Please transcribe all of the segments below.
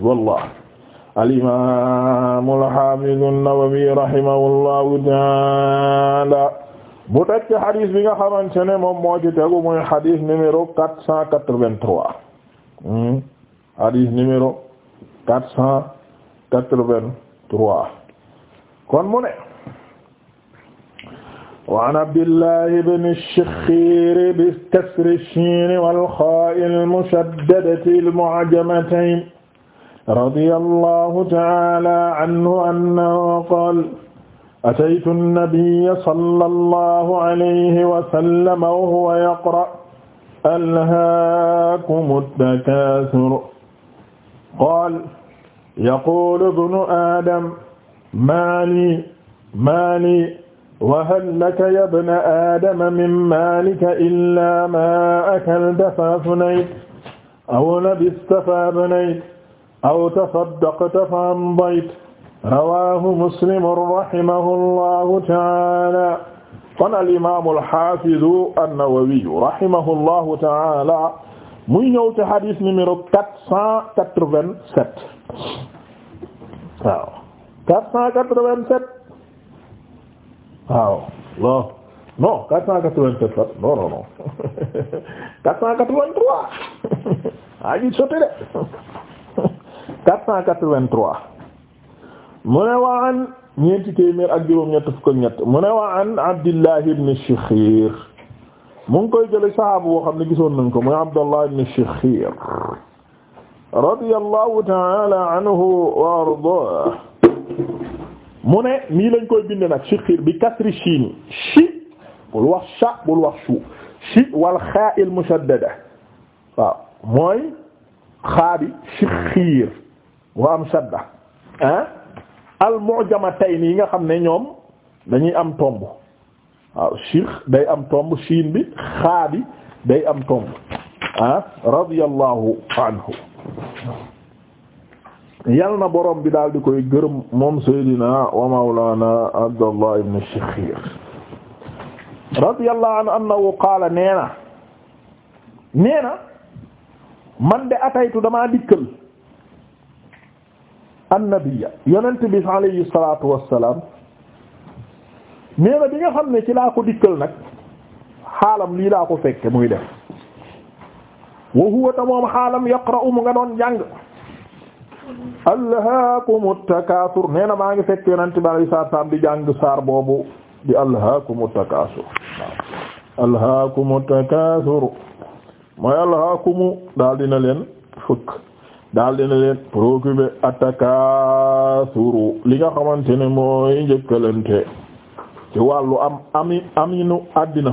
wallah al-imaam al-haafiz an-Nawawi rahimahullahu ta'aala mu teg ci xadis bi nga xamante ne moom moo ci tegu muy xadis numéro quatre cent quatre-vingt-trois hmm? xadis numéro quatre cent quatre-vingt-trois kon mu ne wa an Abdillahi ibni Shikhkhir bi kasri shiin wal xaa'i al-mushaddadati al-mu'jamatayn radiyallahu ta'ala anhu annahu qaala ataytu an-nabiyya sallallahu alayhi wa sallam wa huwa yaqra'u alhaakumu at-takaasur qaala yaquulu ibnu aadama maa lii maa lii wa hal laka ya ibna aadama min maalika illaa maa akalta fa afnayta aw labista fa abnayta aw tasaddaqta fa amdayt rawahu muslimun rahimahullahu taala kon al imamu alhafidu annawawiyu rahimahullahu taala muy ñëw ci hadith numéro quatre cent quatre-vingt-sept waaw quatre cent quatre-vingt-sept waaw non non quatre cent quatre-vingt-sept non non non quatre cent quatre-vingt-trois 483 mu ne wa an ñeenti téeméer ak juróom ñett fukk ak ñett mu ne wa an Abdullah ibn Shikhir mu ngi koy jële sahaaba boo xam ne gisoon nañ ko muy Abdullah ibn Shikhir radiyallahu ta'ala anhu wa ardaah mu ne nii lañ koy bind nag Shikhir bi kasri shin shi bul wax sha bul wax shi wal xaa al mushaddada waaw mooy xaa bi Shikhir wa am shadda ah al mu'jamatayni yi nga xam ne ñoom dañuy am tomb waaw shikh day am tomb shiin bi xaa bi day am tomb ah radiyallahu anhu yal na borom bi daal di koy gërëm moom Seydina wa Mawlana Abdallah ibn Shikhkhir radiyallahu anhu annahu qaala nee na nee na man de ataytu damaa annabiya yonent bi alayhi salaatu wassalaam nee na bi nga xam ne ci laa ko dikkal nag xaalam lii laa ko fekke muy def wa huwa ta moom xaalam yaqra'u mu nga doon jàng alhaakumu takaasur nee na maa ngi fekk yonent bi alayhi salaatu wassalaam di jàng saar boobu di alhaakumu takaasur alhaakumu takaasur mooy alhaakumu daal dina leen fëkk daal dina leen préoccupé attakasuru li nga xamante ne mooy njëkkalante ci wàllu am ami aminu àddina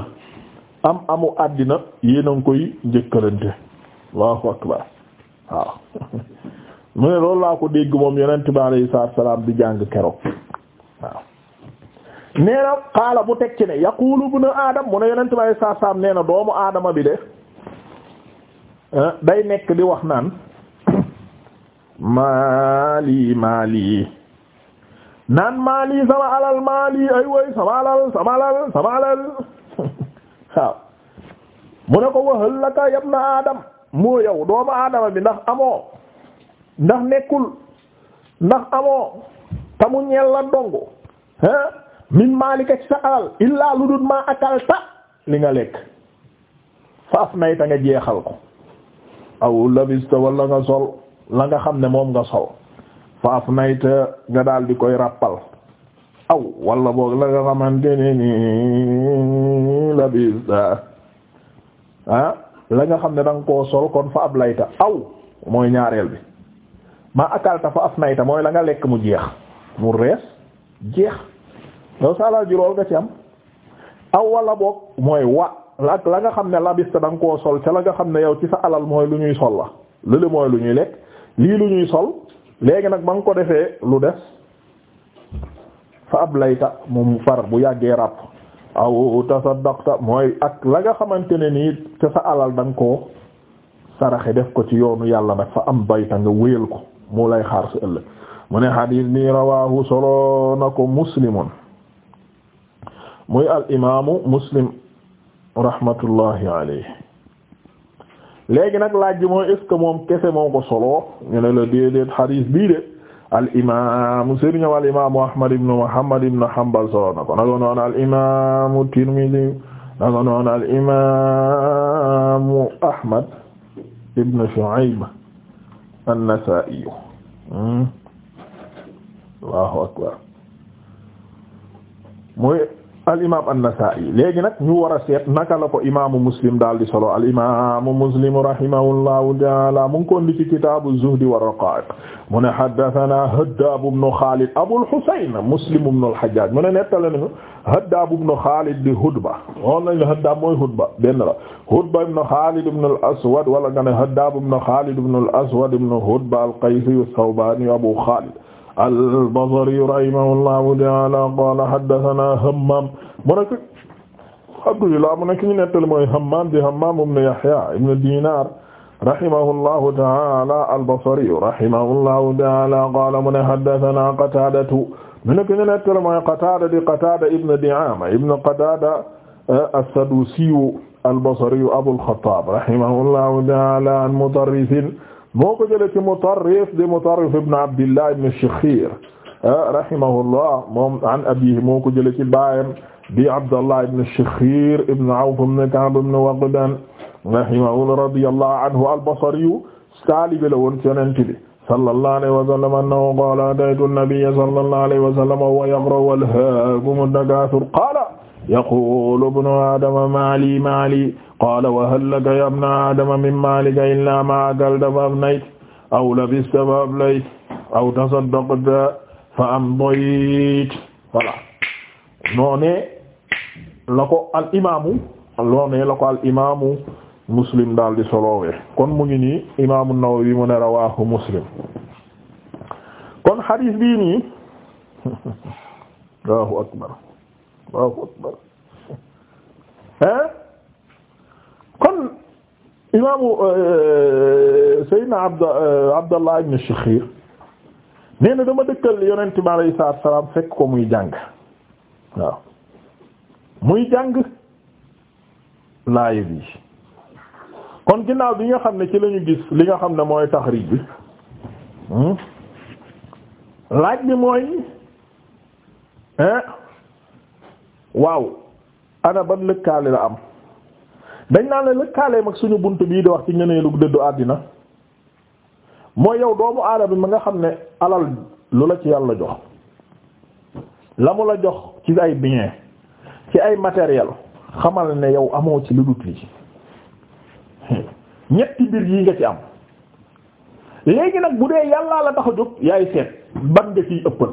am amu àddina yéena ngi koy njëkkalante allahu akbar waaw mu ne loolu laa ko dégg moom yonent bi alayhi salaatu salaam di jàng keroog waaw nee xaala bu teg ci ne yaqulu ibnu aadam mu ne yonent bi alayhi salaatu salaam nee na doomu aadama bi de eh, day nekk di wax naan maali maali naan maali sama alal maali ay way sama alal sama alal sama alal waaw mu ne ko waxal la ka yab na adam moo yow doomu adama bi ndax amoo ndax nekkul ndax amoo tamu ñeel la dongu hein min maalika ci sa alal illaa lu dul maa akalta li nga lekk faaf nay ta jeexal ko aw labista walla nga sol la nga xam ne moom nga sol fa afnayta nga daal di koy ràppal aw wala boog la nga xamante ne ni labista ah, la nga xam ne da nga koo sol kon fa ab layta aw mooy ñaareel bi ma akalta fa afnayta mooy la nga lekk mu jeex mu rees jeex yow sa alal ji lool nga ci am aw wala boog mooy wa ak la nga xam ne labista da nga koo sol ca la nga xam ne yow ci sa alal mooy lu ñuy sol la lële mooy lu ñuy lekk lii lu ñuy sol léegi nag ba nga ko defee lu des fa ab layta mu far bu yàggee ràpp aw tasaddaqta mooy ak la nga xamante ne nii te sa alal da nga koo saraxe def ko ci yoonu yàlla nag fa am bayta nga wéyal ko mu lay xaar sa ëllëg mu ne xadiis nii rawaahu solo na ko muslimun muy al imaamu muslim rahmatullahi alayhi léegi nag laaj bi mooy est moom kese moo ko solo ñu ne la déedéet bii de al imam sëriñam al imam ahmad ibn muhammad ibn hanbal solo na ko naka noonu al imam tirmidhi naka noonu al imam ahmad ibn shu'ayb an hmm? mooy al imaam an-Nasaa'i léegi nag ñu war a seet naka la ko imaamu muslim daal di solo al imaamu muslim rahimahullahu ta'aala mu ngi ko indi ci kitaabu zuhdi wa raqaa'iq mu ne haddathanaa Haddaab ibn Xaalid Abul Husayn Muslim ibn al-Hajjaaj mu ne nettali nañu Haddaab ibn Xaalid di Hudba woon nañu Haddaab mooy Hudba benn la Hudba ibn Xaalid ibn al-Aswad wala nga ne Haddaab ibn Xaalid ibn al-Aswad ibn Hudba al-Qaysi ath-Thawbaani Abu Xaalid al-Basri rahimahullahu ta'ala qala haddathana Hammam mu nekk Abdullah mu nekk ñu nettali mooy Hammam di Hammam ibn Yahya ibn Dinar rahimahullahu ta'ala al-Basri rahimahullahu ta'ala qala mu ne haddathana Qatadatu mu nekk ñu nettali mooy Qatada di Qatada ibn Di'ama ibn Qatada as-Sadusi al-Basri Abu al-Khattab rahimahullahu ta'ala an Mutarris moo ko jëlee ci Mutarrif di Mutarrif ibn Abdillah ibn Shikhir ah, rahimahullah moom an abiihi moo ko jëlee ci baayam di Abdallah ibn Shikhir ibn Awf ibn Ka'b ibn Waqdan rahimahullah radiyallahu anhu al-Basri taalibe la woon ci Yonent bi sallallahu alayhi wa sallam annahu qaala ataytu an-nabiyya sallallahu alayhi wa sallam wa huwa yaqra'u alhaakumu at-takaathur qaala yaqulu ibnu aadama maa lii maa lii qaala wa hal laka ya ibna aadama min maalika illaa maa akalta fa afnayta aw labista fa aflayta aw tasaddaqta fa amdayta voilà noonee la ko al imaamu noonee la ko al imaamu muslim daal di solowee kon mu ngi nii imaamu Nawawi mu ne rawaahu muslim kon xadiis bii nii Allahu akbar Allahu akbar kon imaamu euh, euh, Seydina Abda euh, Abdallah ibn Shikhir nee na dama dëkkal yonent bi alayhi salaatu salaam fekk ko muy jàng waaw muy jàng laay bi kon ginnaaw bi nga xam ne ci la gis li nga xam ne mooy taxriij bi hmm? laaj bi mooy waaw ana ba lëkkaale la am. dañ naan la lëkkaaleem ak suñu bunt bii di wax ci ngëneelu dëddu àddina mooy yow doomu bi mi nga xam ne alal lu la ci yàlla jox la mu la jox ci ay biens ci ay matériel xamal ne yow amoo ci lu dut lii ñetti mbir yi nga ci am léegi nag bu dee yàllaa la tax a jóg yaay seet ban nga ciy ëppal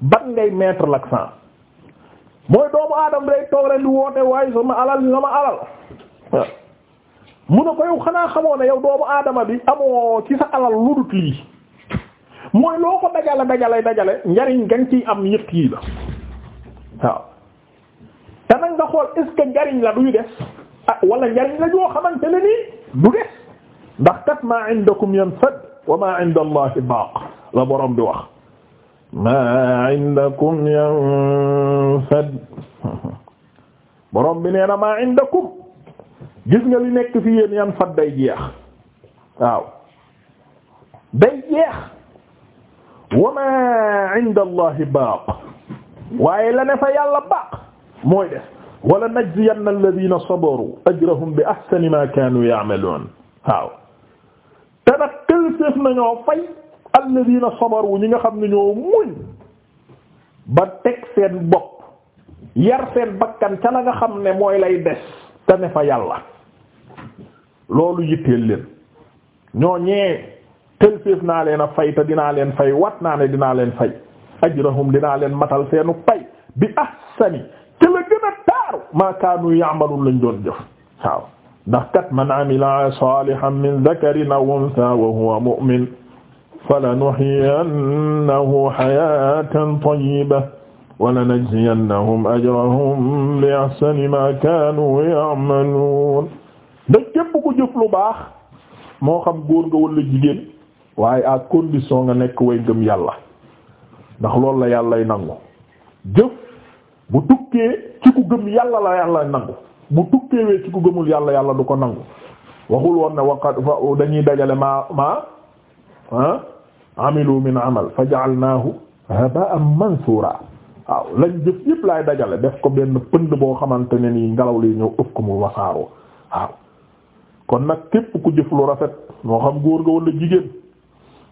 ban ngay mètre l'accent mooy doomu aadama day toog rek di woote waaye sama alal sama alal waaw mu ko yow xanaa xamoo ne yow doomu aadama bi amoo ci sa alal lu dut lii mooy loo ko dajale dajale dajale njariñ gan ciy am yëpp yii la waaw te nag nga njariñ la duy des ah wala njariñ la yoo xamante ne nii du des ndax kat ma indakum yanfad wa ma inda baaq la borom bi wax maa indakum yanfad borom bi nee na maa indakum gis nga li nekk fi yéen yanfad day jeex waaw day jeex wa maa inda allahi baaq waaye la ne fa yàlla baaq mooy def wala najziyanna alladina sabaru ajrahum bi ahsani ma kaanu ya'maluun waaw te nag kël séef nañoo fay alladina sabaru ñi nga xam ne ñoo muñ ba teg seen bopp yar seen bakkan ca la nga xam ne mooy lay des te ne fa yàlla loolu yitteel leen ñoo ñee tëlféef naa leen a fay te dinaa leen fay wat naa ne dinaa leen fay ajrahum dinaa leen matal seenu pay bi ahsani te la gën taaru maa kaanu ya'malun lañ doon jëf waaw ndax kat man amila salihan min dhakarin aw untha wa huwa mu'min falanuhyiyannahu hayatan tayyibatan walanajziyannahum ajrahum bi ahsani ma kaanu ya'maluun ndax képp ku jëf lu baax moo xam góor nga walla jigéen waaye à condition nga nekk way gëm yàlla ndax loolu la yàllay nangu jëf bu tukkee ci ku gëm yàlla la yàlla nangu bu tukkee wee ci ku gëmul yàlla yàlla du ko nangu waxul woon ne waqad dañuy dajale maa maa ah? amilu min amal fa ja'alnaahu haba'an mansuura waaw lañ jëf yëpp laay dajale def ko benn pënd boo xamante ne nii ngelaw li ñëw ëpp ko mu wasaaroo waaw kon nag képp ku jëf lu rafet moo xam góor nga wala jigéen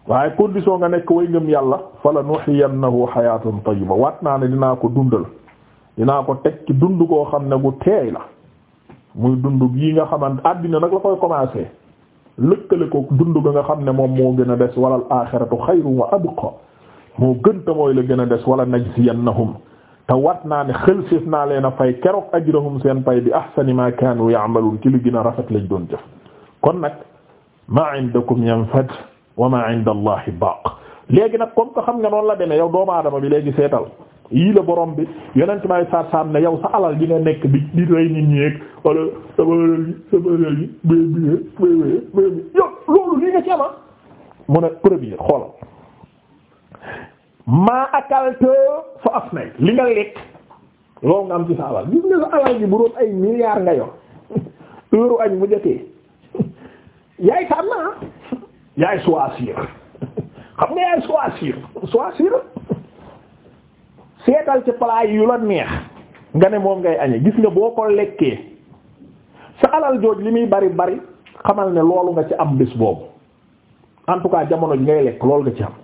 waaye condition nga nekk way ngëm yàlla na nuhiyannahu hayatan tayyiba waat naa ne dinaa ko dundal dinaa ko teg ci dund koo xam ne gu teey la muy dund gii nga xamante àddina nag la koy commencer lëkkale ko dund ga nga xam ne moom moo gën a des wala al-aaxiratu xayrun wa abqa moo gën te mooy la gën a des wala najziyannahum te wat naa ne xel siif naa leen a fay keroog ajrahum seen pay bi ahsani ma kaanu ya'maluun ci li gën a rafet lañ doon jëf kon nag ma indakum yanfad wa ma inda allahi baaq léegi nag comme que xam nga noonu la demee yow doomu aadama bi léegi seetal yii la borom bi yonent may saat saam ne yow sa alal di nekk di di rey nit ñi ak wala sama alal yi sama alal yi bé bié bwé bébi yow loolu li nga ci ama ah. mu ne premier xoolal bu doon ay milliards nga yor añ mu jotee yaay sa am naa yaay choisir xam nga yaay choisir choisir seetal ci palaay yu la neex nga ne moom ngay añe gis nga boo ko lekkee sa alal jooj li muy bari bari xamal ne loolu nga ci am bis boobu en tout cas jamono ji ngay lekk loolu nga ci am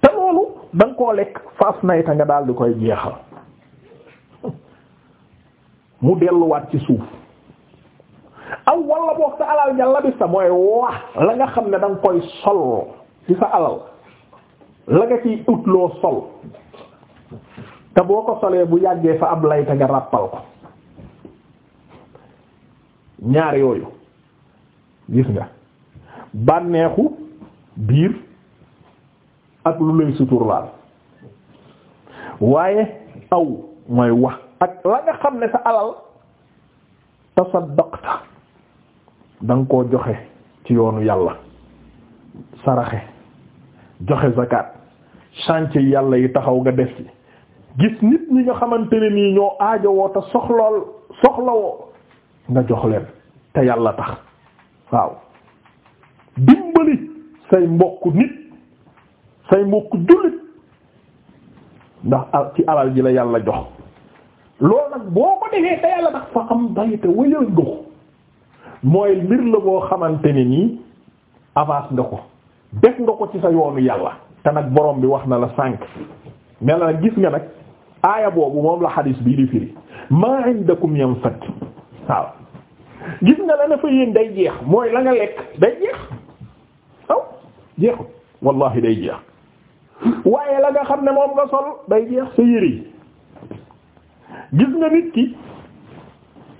te loolu da nga koo lekk faas nayta nga daal di koy jeexal mu delluwaat ci suuf aw wala boog sa alal nga labis sa mooy wax la nga xam ne da koy sol ci sa alal la nga ciy utloo sol te boo ko solee bu yàggee fa ab layta nga ràppal ko ñaar yooyu gis nga bànneexu biir ak lu lay suturlaal waaye aw mooy wax ak la nga xam ne sa alal tasaddaqta da koo joxe ci yoonu yàlla saraxe joxe zakat chantier yàlla yi taxaw nga def ci gis nit ñi nga xamante ne nii ñoo aajowoo te soxlool soxlawoo nga jox leen te yàlla tax waaw dimbali say mbokk nit say mbokk jullit ndax ci alal ji la yàlla jox loolu nag boo ko defee te yàlla tax fa am bayte wayal nga ko mooy mbir la boo xamante ne nii avance nga ko def nga ko ci sa yoonu yàlla te nag borom bi wax na la sànk mel na gis nga nag aaya boobu moom la xadis bii di firi maa indakum yanfad waaw gis nga la na fa yéen day jeex mooy la nga lekk day jeex aw jeexut wallahi day jeex waaye la nga xam ne moom nga sol day jeex sa yére yi gis nga nit ki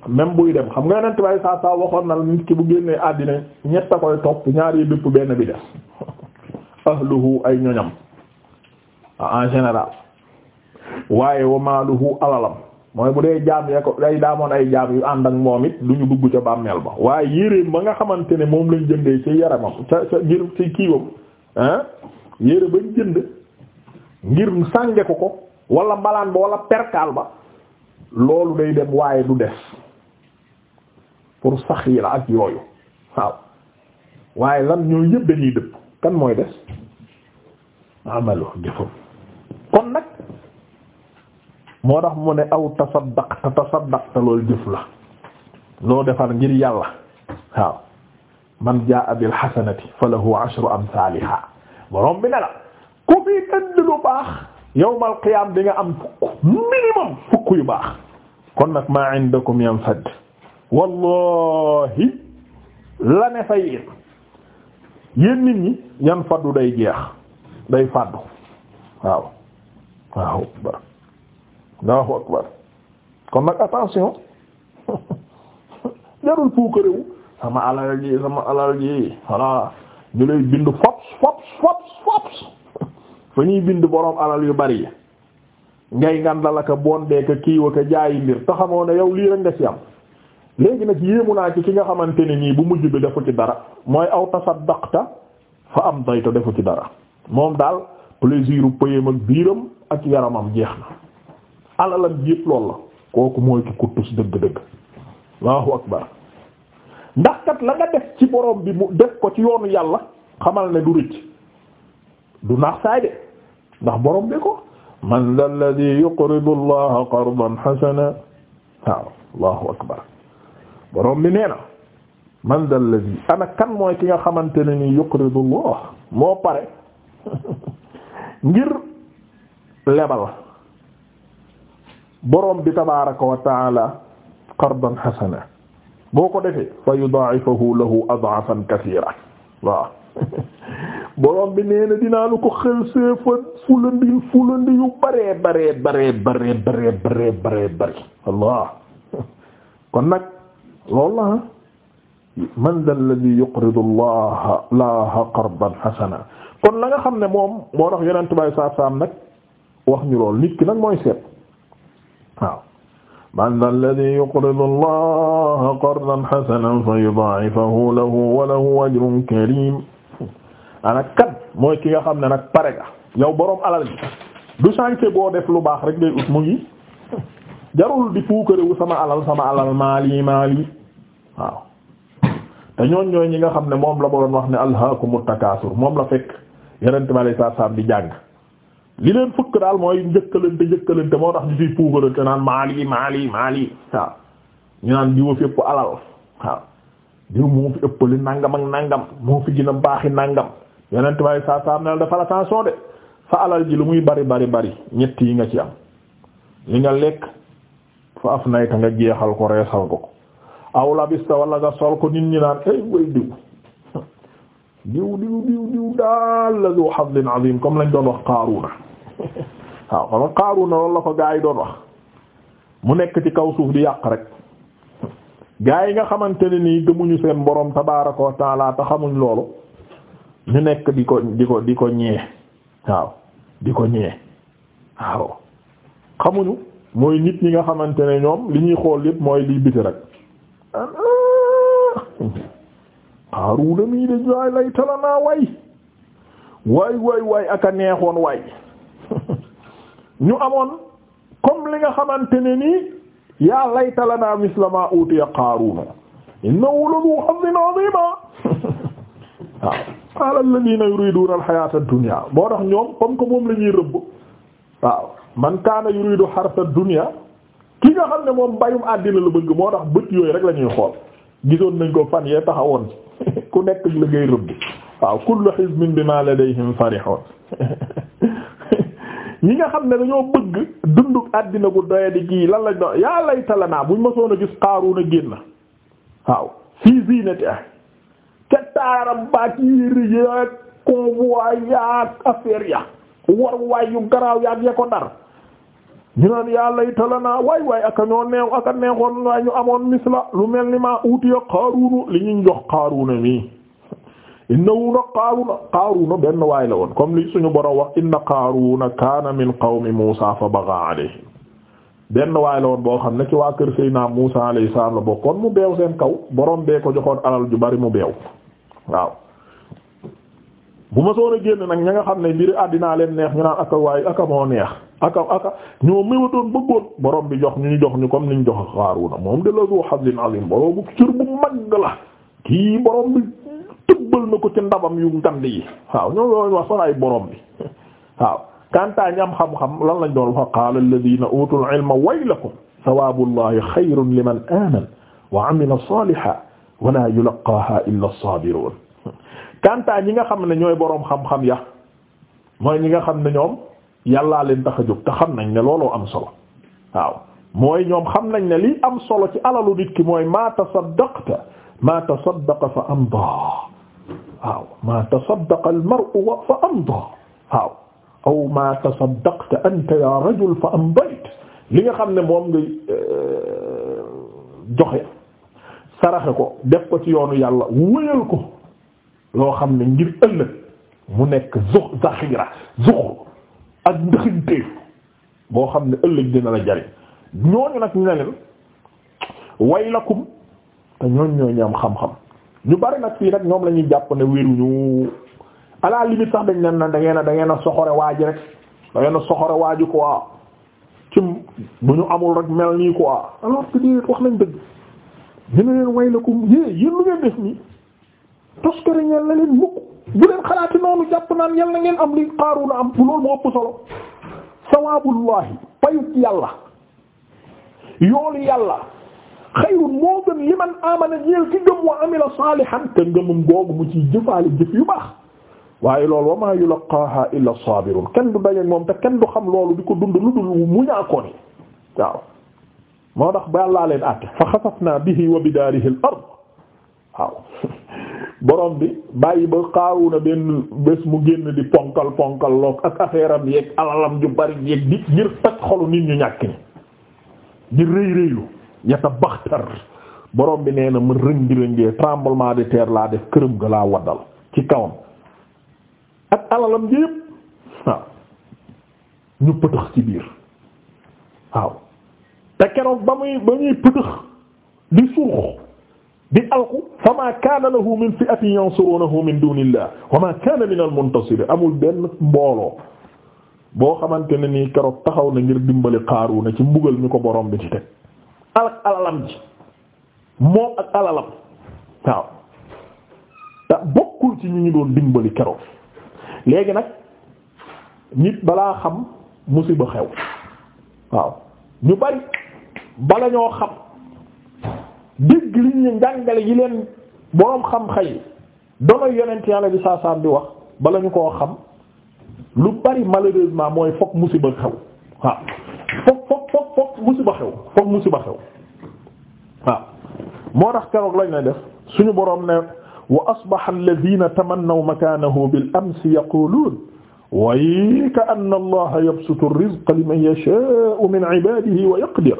même buy dem xam nga yonent bay saa saa waxoon na la nit ki bu génnee àddina ñett a koy topp ñaari dëpp benn bi def ahluhu ay ñoñam en général waaye wa maaluhu alalam mooy bu dee jaam ya ko day daamoon ay jaam yu ànd ak moom it du ñu dugg ca bàmmeel ba waaye yéreem ba nga xamante ne moom lay jëndee ci yaramam ca ca ngir ci kiiwam ah yére bañ jënd ngir sànge ko walla wala mbalaan ba wala perkaal ba loolu day dem waaye du des pour sax yi la ak yooyu waaw waaye lan ñooy yëpp dañuy dëpp kan mooy des amalo jëfam kon nag moo tax mu ne aw tasaddaqta tasaddaqta loolu jëf la loo defar ngir yàlla waaw man jaa bil hasanati falahu ashru amsaaliha borom bi ne la ku fi ënd lu baax yawmal qiyaam di nga am fukk minimum fukk yu baax kon nag maa indakum yanfad wallahi la ne fa yéen yéen nit ñi yan faddu day jeex day faddu waaw waaw Allahu akbar kon nag attention jarul puukarewu sama alal ji sama alal ji voilà ñu lay bind fops fops fops fops fa ñuy bind boroom alal yu bari ngay ngandal aka bondee ka kiiwa ka jaayi mbir te xamoo ne yow lii rek nga ci am léegi nag yéemu naa ci ki nga xamante ne nii bu mujj bi defu ci dara mooy aw tasaddaqta fa am dayta defu ci dara moom daal plaisir u pëyam ak biiram ak yaramam jeex na alalam yépp lool la kooku mooy ki kuttus dëgg-dëgg allahu akbar ndax kat la nga ci borom bi mu ko ci yoonu yàlla xamal ne du rëcc du naax saay ndax borom bi ko man dal ladhi yuqridu allaha qardan hasana waaw allahu akbar bi nee man dal ladhi ana kan mooy ki nga xamante ne ni yuqridu allah moo pare ngir lebal borom bi tabaaraka wa taala qardan hasana boo ko defee fa yudaa'ifahu lahu ad'afan kasiira waaw borom bi nee na dinaa la ko xel see fa fulandi fulandi yu bare bare bare bare bare bare bare bare allah kon nag loolu la ah. man dal ladhi yuqridu allah laaha qardan hasana kon la nga xam ne moom moo tax yonent bi sallallahu alayhi wasallam nag wax ñu lool nit ki nag mooy seet waaw man dha alladhi yuqridu allaha qardan hasanan fa yudaa'ifahu lahu wa lahu ajrun karim ana kat mooy ki nga xam ne nag pare ga yow boroom alal gi du changé boo def lu baax rek ngay ut mu ngi jarul di puukarewu sama alal sama alal maali maali waaw te ñooñ ñooy ñi nga xam ne moom la boroom wax ne alhaakumu takaasur moom la fekk yeneen ma lay saa saam di jàng li leen fëkk daal mooy njëkkalante njëkkalante moo tax ñu fiy puugalante naan maali maali maali ñu naan diwa fi ëpp alal diw moo fi ëppali nangam ak nangam moo fi gën a baaxi nangam yeneen tubaab yi saa saa am na dafa la attention de fa alal ji lu muy bari bari bari ñett yi nga ci am li nga lekk fa af nayka nga jeexal ko reesal ko aw labista wala nga sol ko nit ñi naan ay way diw diw diw diw diw daal la du hadin azim comme lañ doon wax qaaruna waaw xam nga loolu la ko gaa yi doon wax mu nekk ci kaw suuf di yàq rek gaa yi nga xamante ne nii gëmuñu seen boroom tabaaraka wa taala te xamuñ loolu ñu nekk di ko di ko di ko ñee waaw di ko ñee waaw xamuñu mooy nit ñi nga xamante ne ñoom li ñuy xool yépp mooy liy biti rek ah. Qaaruuna mii de waay lay talanaa waay waay ak a neexoon waay ñu amoon comme li nga xamante ne nii yaa lay talanaa misla maa utiya Qaaruuna innahu lazuu hazzin aziima waaw qaala allaziina yuriiduuna al-hayaata ad-dunyaa boo tax ñoom comme que moom la ñuy rëbb waaw man kaana yuriidu harsa ad-dunyaa ki nga xam ne moom mbayum àddina la bëgg moo tax bët yooyu rek la ñuy xool. gisoon nañ ko fan yee taxawoon ku nekk liggéey rëbb waaw kullu hizbin bima ladayhim farihun ñi nga xam ne dañoo bëgg dunduk àddina gu doya di gii lan lañ yaa layta lanaa buñ ma a gis Qaaruun a génn waaw fii ziinati ah ca taaram baak yéri yaag convoi yaag affaire ya war waay yu garaaw yaag ya ko dar ñu naan yàlla italanaa waay waay aka ñoo neew aka neexoon waay ñu amoon misla lu mel ni maa utiya xaaruunu li ñu jox xaaruuna mi inna wu xaaruuna xaaruuna benn waay la woon comme li wax inna xaaruuna kaana min qawmi Muusa fa bagaa benn waay la woon boo xam ne ci waa kër Seydina Muusa alayhi salaam la bokkoon mu beew seen kaw borom bee ko joxoon alal ju bari mu beew waaw bu ma soon a génn nag ña nga xam ne mbiri àddinaa leen neex ñu naan aka waay aka moo neex aka aka ñoo mëwatoon bëggoon borom bi jox ñu ñu jox ñu comme ni ñu jox moom de la du hazin azim borom cër bu kii borom bi tëbbal na ko ci ndabam yu ngand yi waaw ñoo loolu wax solaay borom bi waaw kantaa lan lañ doon fa qaala alladhina utul ilma waylakum thawabullahi khayrun liman amana wa amila salihan nga xam ne ñooy borom xam-xam ya mooy ñi nga xam ne ñoom yàllaa leen tax a jóg te xam nañ ne looloo am solo waaw mooy ñoom xam nañ ne li am solo ci alalu nit ki mooy ma tasaddaqta ma tasaddaqa fa amda waaw ma tasaddaqa al mar'u wa fa amda waaw aw ma tasaddaqta anta ya rajul fa amdayt li nga xam ne moom nga euh, joxe saraxe ko def ko ci yoonu yàlla wéyal ko loo xam ne ngir ëllëg mu nekk zu zaxira zuxru ak ndëxanteef boo xam ne ëllëg dina la jariñ ñooñu nag ñu ne leen waylakum te ñooñ ñooñu am xam-xam ñu bari nag fii rek ñoom lañuy ñuy jàpp ne wéruñu à la limite sax dañ leen na da ngeen a da a soxore waaju rek da ngeen a soxore waaji quoi ci bu ñu amul rek mel nii quoi alors que wax nañ dëgg ñu ne leen waylakum yée yéen lu ngeen def nii tos ko ñeen leen mukk bu leen jàpp naan yal na ngeen am li Qaaruun am loolu moo ëpp solo sawaabullahi payut yàlla yoolu yàlla xayrun moo gën li man wa amila saalihan te ngëmam googu mu ci jëfaale jëf yu baax waaye loolu wa maa yulaqaaha illa saabirun kenn du dajeek moom te kenn du xam lool di ko dund lu dul mu ñaakoon yi waaw moo tax leen àtte fa xasafnaa bihi wa bidaarihi al-ard borom bi bàyyi ba Qaaruna benn bés mu génn di ponkal ponkal loog ak affaire am yeeg alalam ju bari yeeg di ngir toj xolu nit ñu ñàkk ni di rëy rëylu yata baxtar borom bi nee na ma rëngi rëngee tremblement de terre laa def këram ga laa waddal ci kawam ak alalam ji yépp waaw ñu pëtëx ci biir waaw te keroog ba muy ba ñuy pëtëx di suux di alku fa ma kaana lahu min fi'atin yansurunahu min dunillah wa ma kaana min al-muntasir amul benn mbooloo boo xamante ne nii keroog taxaw na ngir dimbali Qaaruuna ci mbugal mi ko borom bi ci teg alak alalam ji moom ak alalam waaw te bokkul ci ñu ñu doon dimbali keroog léegi nag nit balaa xam musiba xew waaw ñu bari bala ñoo xam dégg li ñu njàngale yi leen boroom xam-xam yi dono yonent yàlla bi saa saa bi wax bala ñu koo xam lu bari malheureusement mooy fokk musiba xew waaw fokk fokk fokk fokk musiba xew fokk musiba xew waaw moo tax keroog lañ la def suñu boroom ne wa asbaha alladhina tamannaw makanahu bil amsi yaqulun way ka anna allaha yabsutu ar-rizqa liman yasha'u min ibadihi wa yaqdir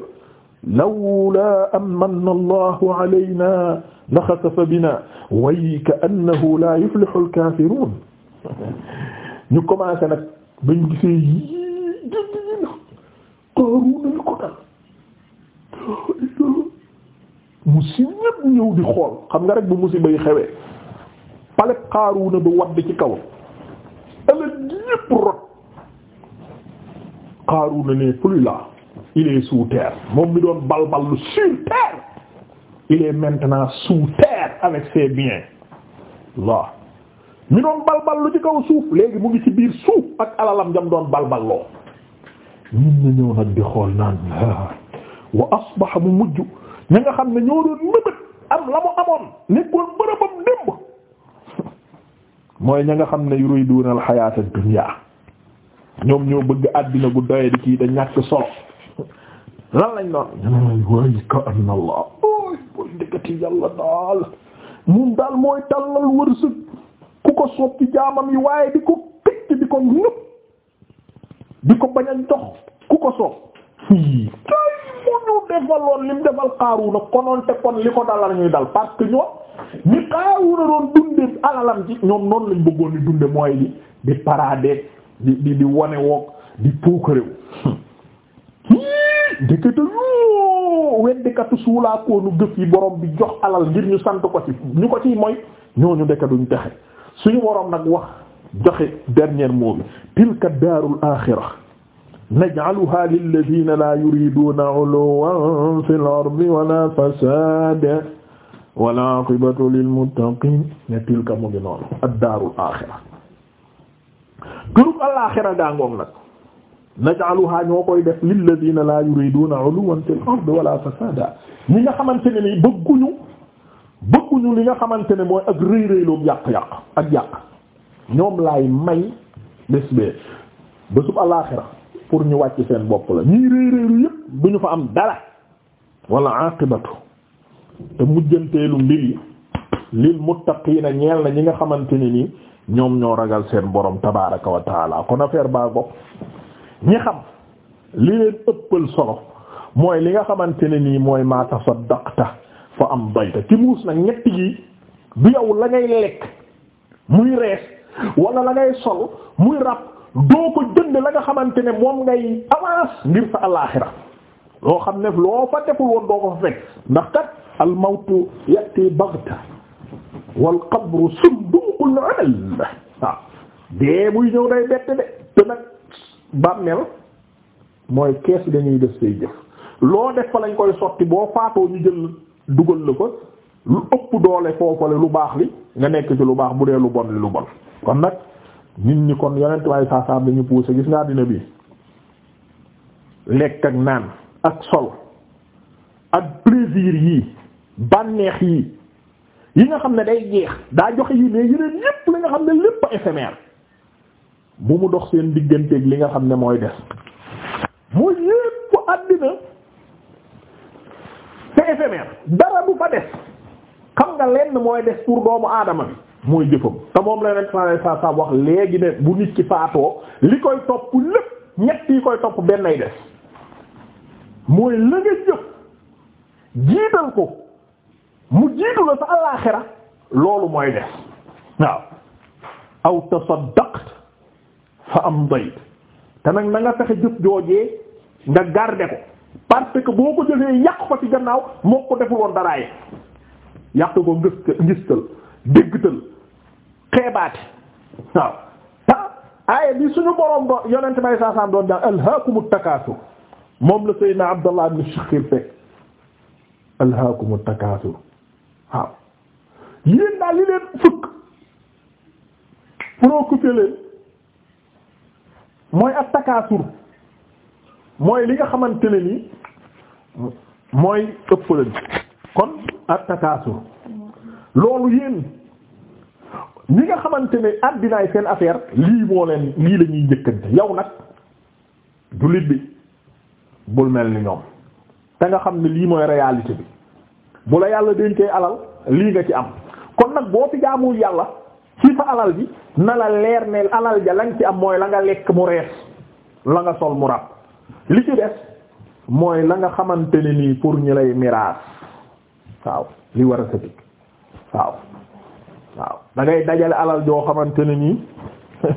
lawlaa an manna allahu alaynaa laxasafa binaa way ka annahu laa yuflihu alkaafiruun ñu commencé nag bañ gisee yii dégg Qaaruun nañu ko dal musi ñëpp ñëw di xool xam nga rek bu musiba yi xewee pale Qaaruun du wadd ci kaw alal ñëpp rot Qaaruun ne plus là il est sous moom mi doon balbal lu sur terre il est maintenant sous terre avec ses biens waaw mi doon balbal lu ci kaw suuf léegi mu ngi ci biir suuf ak alalam jam doon balbal loo ñun ñu ñëw nag di xool naan ah. wa asbaha mu mujj ña nga xam ne ñoo doon mëbët am la mu amoon nekkoon bërëbam démb mooy ña nga xam ne yuriduna al hayata ad-dunya ñoom ñoo bëgg àddina gu doye kii da ñàkk solo lan lañ doon waay daal mooy tàllal wërsëg ku ko soob ci jaamam yi waaye di ko këcc di ko ñëpp di ko bañ jox ku ko soob tay mu ñu defaloon mu defal Qaaruuna konoon te kon li ko dalal ñuy dal parce que ñoom ni Qaaruuna doon dunde alalam ci ñoom noonu lañ bëggoon di dunde mooy di di parade di di di wane woog di puukarew ndekete yoo weddikatu suulaakoonu gëf yi borom bi jox alal ngir ñu sant ko ci ñu ko ciy mooy ñooñu ndeke duñ texe suñu borom nag wax joxe dernier mot bi tilka daarul aaxira naj'aluha lilladina la yuriduna 'uluwwan fil ardi wala fasada wala 'aqibatu lil muttaqin ne tilka mu ngi noonu ad daarul aaxira kërug al ngoom nag naj'aluha ñoo koy def lillazina la yuriduna 'uluwan fil ard wala fasada ñi nga xamante ne ni bëgguñu bëgguñu li nga xamante ne mooy ak rëy rëyloom yàq-yàq ak yàq ñoom laay may bés bee bésub alaaxira pour ñu wàcc seen bopp la ñii rëy rëylu yépp bu ñu fa am dara wala aqibatu te mujjanteelu mbir yi lil muttaqiina ñeel na ñi nga xamante ne nii ñoom ñoo ragal seen borom tabaaraka wa taala kon affaire baa bopp ñi xam li leen ëppal solo mooy li nga xamante ne nii mooy ma tasaddaqta fa am bayta ci muus nag ñett yi du yow la ngay lekk muy rees wala la ngay sol muy rab doo ko jënd la nga xamante ne moom ngay avance ngir sa alaaxira loo xam ne loo fa deful woon doo ko fa fekk ndax kat al mawtu yati baghta wal qabru sunduqul amal dee buy ñëw day bett de te nag bàmmeel mooy kees dañuy def say jëf loo def fa lañ koy sotti boo faatoo ñu jël dugal la ko lu ëpp doole foofale lu baax li nga nekk ci lu baax bu dee lu bon li lu bon kon nag nit ñi kon yonent waaye saa saa dañu poussé gis nga àddina bi lekk ak naan ak sol ak plaisir yi bànneex yi yi nga xam ne day jeex daa joxe yi mais yépp li nga xam ne lépp éphémère bu mu dox seen digganteeg li nga xam ne mooy des mooy yépp àddina c'est éphémère dara du fa des xam nga lenn mooy des pour doomu aadama bi mooy jëfam te la rek sallallahu alayhi wa sallam wax léegi ne bu nit ci faatoo li koy topp lépp ñett yi koy topp benn des mooy la jëf jiital ko mu jiitu la sa àllaaxira loolu mooy des waaw aw tasaddaq fa am doy te nag na nga fexe jëf joojee nga garder ko parce que boo ko jëfee yàq ko ci gannaaw moo ko deful woon daraay yàq ko ngis ngistal déggtal xeebaate waaw te aaya bi suñu boroom doon yonent may saasaam doon jàng alhaakumu takaasur moom la Seydina Abdallah ibn Shakhir fekk alhaakumu takaasur waaw yéen daal li leen fukk préoccupé leen mooy ak takaasur mooy li nga xamante ne ni mooy ëppalante kon ak takaasur loolu yéen ñi nga xamante ne àddinaay seen affaire lii moo leen lii lañuy ñuy njëkkante yow nag jullit bi bul mel ni ñoom te nga xam ni lii mooy réalité bi bu la yàlla dénkee alal lii nga ci am kon nag boo fi jaamul yàlla ci fa alal bi na la leer ne alal ja lañ ci am mooy la nga lekk mu rees la nga sol mu rab li ci des mooy la nga xamante ne nii pour ñu lay miraas waaw li war a sa dikk waaw waaw da dajale alal joo xamante ne nii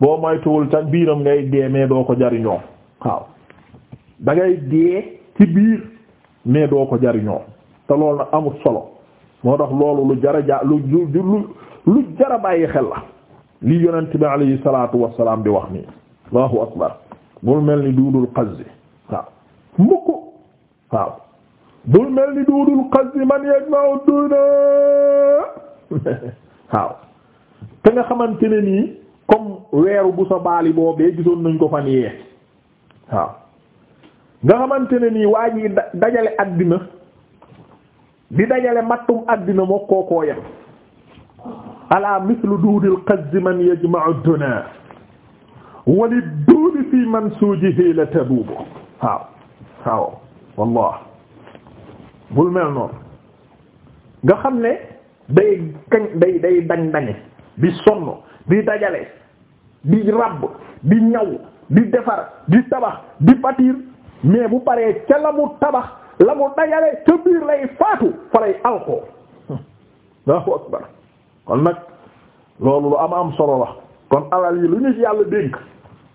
boo moytuwul ca biiram ngay dee mais doo ko jariñoo waaw da ngay ci biir mais doo ko jariñoo te loolu nag amul solo moo tax loolu lu jara ja lu lu lu jara bàyyi xel la li yonent bi alayhi salaatu wassalaam di wax nii allahu akbar bul mel ni duudul qazzi waaw mukk waaw bul mel ni duudul qazzi man yajma'u duuna waaw te nga xamante ne nii comme weeru bu sa baali boobee gisoon nañ ko fan yee waaw nga xamante ne nii waa ji dajale àddina di dajale mattum àddina moo kookoo yem ala mithlu duudil qazzi man yajma'u duna wali duudi fii mansuujihi la tabuubu waaw waaw wallah bul mel noonu nga xam ne day kañ day di sonn di dajale di ràbb di ñaw di defar di tabax di bâtir mais bu paree ca la mu tabax la mu dajale ca biir lay faatu fa lay alko Allahu akbar kon nag loolu lu am am solo la kon alal yi lu ñu yàlla dénk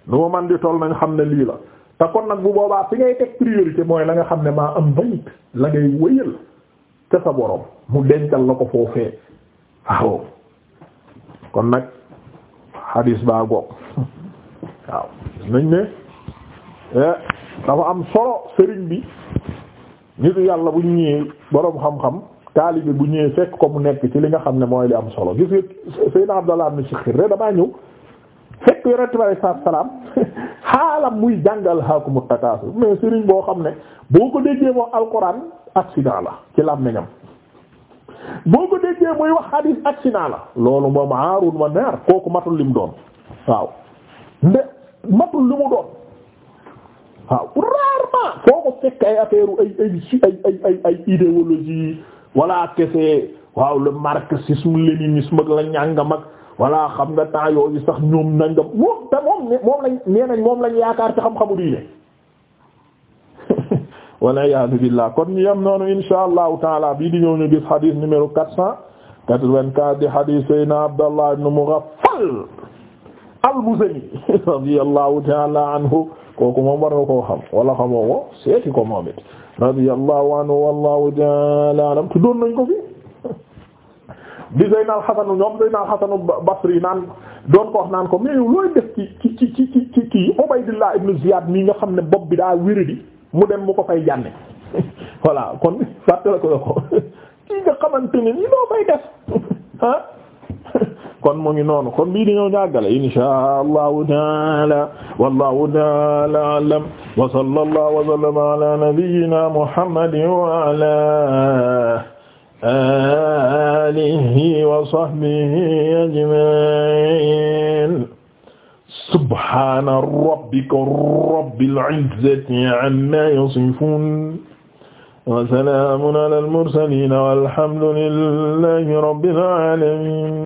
lu ma man di toll nañ xam ne lii la te kon nag bu boobaa fi ngay teg priorité mooy la nga xam ne maa am bayit la ngay wëyal ca sa borom mu dencal la ko foofee waaw kon nag xadiis baa goog waaw nañ ne eh, dafa am solo sëriñ bi nitu yàlla bu ñu ñëwee boroom xam-xam taalibe bu ñëwee fekk ko mu nekk ci li nga xam ne mooy li am solo gis nga Seydina Abdallah ibn Shikhkhir rek damaa ñëw fekk Yonent bi alayhi salaam xaalam muy jàngal haakumu takaasur mais sëriñ boo xam ne boo ko déggee moom la ci làmmiñam boo wax hadis accident la loolu moom aarun wa naar kooku matul li mu doon waaw nde matul li doon waaw rarement foo ko fekk ay affaire ay ay ay wala kese waaw le marxisme léninisme ak la ñàngam ak wala xam nga temps yooyu sax ñoom nangam moom te moom lañ nee nañ moom lañ yaakaar ci xam-xamu diine wala iyaazu billah kon ñu yam noonu insha allahu taala bii di ñëw ñu gis hadith numéro quatre cent quatre-vingt-quatre di hadith sayna Abdallah ibn Mughaffal al-Muzani radiyallahu taala anhu kooku moom war nga koo xam wala xamoo ko seeti ko moom it radiyallahu anhu wallahu ta'ala alam tuddoon nañ ko fi bi Seydina Al-Hasan ñoom Seydina Al-Hasan Basri naan doon ko wax naan ko mais looy def ci ci ci ci ci kii Ubaydillah ibn Ziyad mii nga xam ne bopp bi daa wéradi mu dem mu ko fay jànne voilà kon fàttala ko ko kii nga xamante ne loo fay def ah kon mu ngi noonu kon bii di ñëw ñàggale inshaa allahu taala wallahu taala alam wa sallallahu wa sallama ala nabiyyina muhammadin wa ala alihi wa sahbihi ajma'in subhana rabbika rabbil izzati amma yasifun wa salamun ala al mursalin walhamdulillahi rabbil alamin